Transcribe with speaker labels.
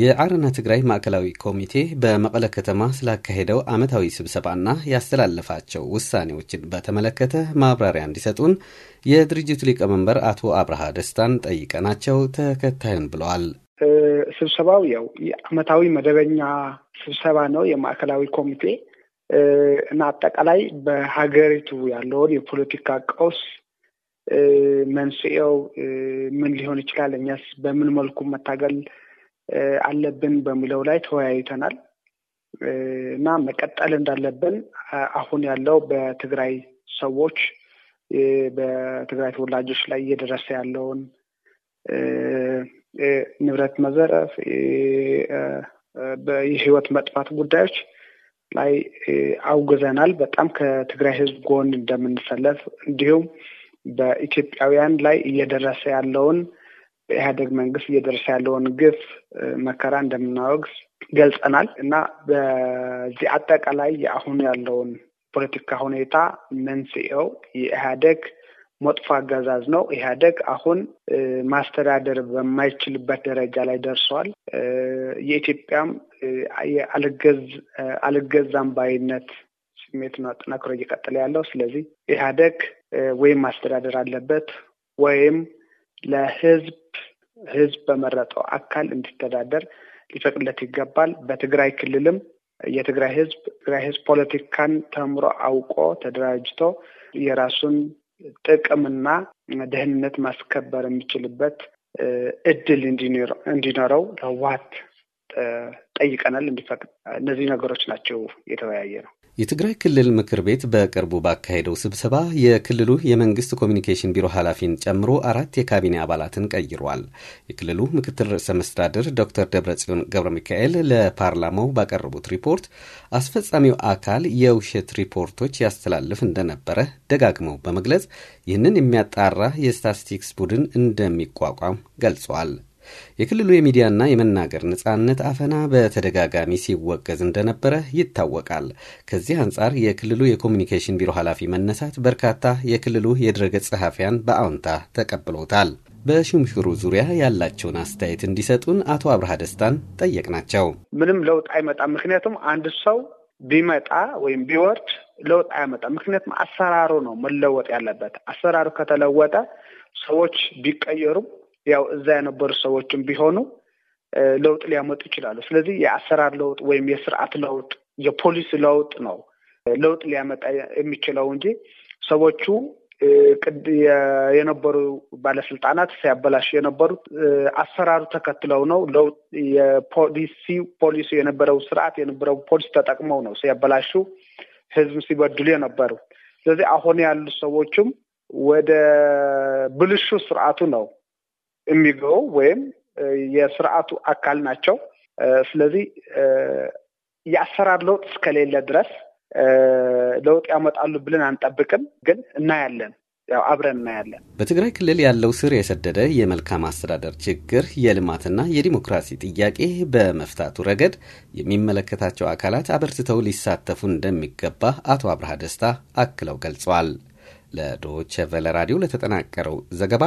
Speaker 1: የአረና ትግራይ ማዕከላዊ ኮሚቴ በመቀለ ከተማ ስላካሄደው ዓመታዊ ስብሰባና ያስተላለፋቸው ውሳኔዎችን በተመለከተ ማብራሪያ እንዲሰጡን የድርጅቱ ሊቀመንበር አቶ አብርሃ ደስታን ጠይቀናቸው ተከታዩን ብለዋል።
Speaker 2: ስብሰባው ያው ዓመታዊ መደበኛ ስብሰባ ነው የማዕከላዊ ኮሚቴ እና አጠቃላይ በሀገሪቱ ያለውን የፖለቲካ ቀውስ መንስኤው ምን ሊሆን ይችላል፣ እኛስ በምን መልኩ መታገል አለብን በሚለው ላይ ተወያይተናል እና መቀጠል እንዳለብን አሁን ያለው በትግራይ ሰዎች በትግራይ ተወላጆች ላይ እየደረሰ ያለውን ንብረት መዘረፍ፣ የህይወት መጥፋት ጉዳዮች ላይ አውግዘናል። በጣም ከትግራይ ህዝብ ጎን እንደምንሰለፍ እንዲሁም በኢትዮጵያውያን ላይ እየደረሰ ያለውን በኢህአዴግ መንግስት እየደረሰ ያለውን ግፍ መከራ እንደምናወግዝ ገልጸናል እና በዚህ አጠቃላይ የአሁኑ ያለውን ፖለቲካ ሁኔታ መንስኤው የኢህአደግ መጥፎ አገዛዝ ነው። ኢህአደግ አሁን ማስተዳደር በማይችልበት ደረጃ ላይ ደርሷል። የኢትዮጵያም አልገዛም ባይነት ስሜት ነው አጠናክሮ እየቀጠለ ያለው። ስለዚህ ኢህአደግ ወይም ማስተዳደር አለበት ወይም ለህዝብ ህዝብ በመረጠው አካል እንዲተዳደር ሊፈቅድለት ይገባል። በትግራይ ክልልም የትግራይ ህዝብ ትግራይ ህዝብ ፖለቲካን ተምሮ አውቆ ተደራጅቶ የራሱን ጥቅምና ደህንነት ማስከበር የሚችልበት እድል እንዲኖረው ለህወሀት ጠይቀናል እንዲፈቅድ። እነዚህ ነገሮች ናቸው የተወያየ ነው።
Speaker 1: የትግራይ ክልል ምክር ቤት በቅርቡ ባካሄደው ስብሰባ የክልሉ የመንግስት ኮሚኒኬሽን ቢሮ ኃላፊን ጨምሮ አራት የካቢኔ አባላትን ቀይሯል። የክልሉ ምክትል ርዕሰ መስተዳድር ዶክተር ደብረጽዮን ገብረ ሚካኤል ለፓርላማው ባቀረቡት ሪፖርት አስፈጻሚው አካል የውሸት ሪፖርቶች ያስተላልፍ እንደነበረ ደጋግመው በመግለጽ ይህንን የሚያጣራ የስታትስቲክስ ቡድን እንደሚቋቋም ገልጿል። የክልሉ የሚዲያና የመናገር ነጻነት አፈና በተደጋጋሚ ሲወገዝ እንደነበረ ይታወቃል። ከዚህ አንጻር የክልሉ የኮሚኒኬሽን ቢሮ ኃላፊ መነሳት በርካታ የክልሉ የድረገጽ ጸሐፊያን በአዎንታ ተቀብለውታል። በሹምሽሩ ዙሪያ ያላቸውን አስተያየት እንዲሰጡን አቶ አብርሃ ደስታን ጠየቅናቸው።
Speaker 2: ምንም ለውጥ አይመጣም። ምክንያቱም አንድ ሰው ቢመጣ ወይም ቢወርድ ለውጥ አያመጣም። ምክንያቱም አሰራሩ ነው መለወጥ ያለበት። አሰራሩ ከተለወጠ ሰዎች ቢቀየሩም ያው እዛ የነበሩ ሰዎችም ቢሆኑ ለውጥ ሊያመጡ ይችላሉ። ስለዚህ የአሰራር ለውጥ ወይም የስርዓት ለውጥ፣ የፖሊሲ ለውጥ ነው ለውጥ ሊያመጣ የሚችለው እንጂ ሰዎቹ የነበሩ ባለስልጣናት ሲያበላሽ የነበሩት አሰራሩ ተከትለው ነው። ለውጥ የፖሊሲ ፖሊሲ የነበረው ስርዓት የነበረው ፖሊሲ ተጠቅመው ነው ሲያበላሹ ህዝብ ሲበድሉ የነበሩ። ስለዚህ አሁን ያሉ ሰዎችም ወደ ብልሹ ስርዓቱ ነው የሚገቡ ወይም የስርዓቱ አካል ናቸው። ስለዚህ የአሰራር ለውጥ እስከሌለ ድረስ ለውጥ ያመጣሉ ብለን አንጠብቅም፣ ግን እናያለን ያው አብረን እናያለን።
Speaker 1: በትግራይ ክልል ያለው ስር የሰደደ የመልካም አስተዳደር ችግር የልማትና የዲሞክራሲ ጥያቄ በመፍታቱ ረገድ የሚመለከታቸው አካላት አበርትተው ሊሳተፉ እንደሚገባ አቶ አብርሃ ደስታ አክለው ገልጸዋል። ለዶቼ ራዲዮ ለተጠናቀረው ዘገባ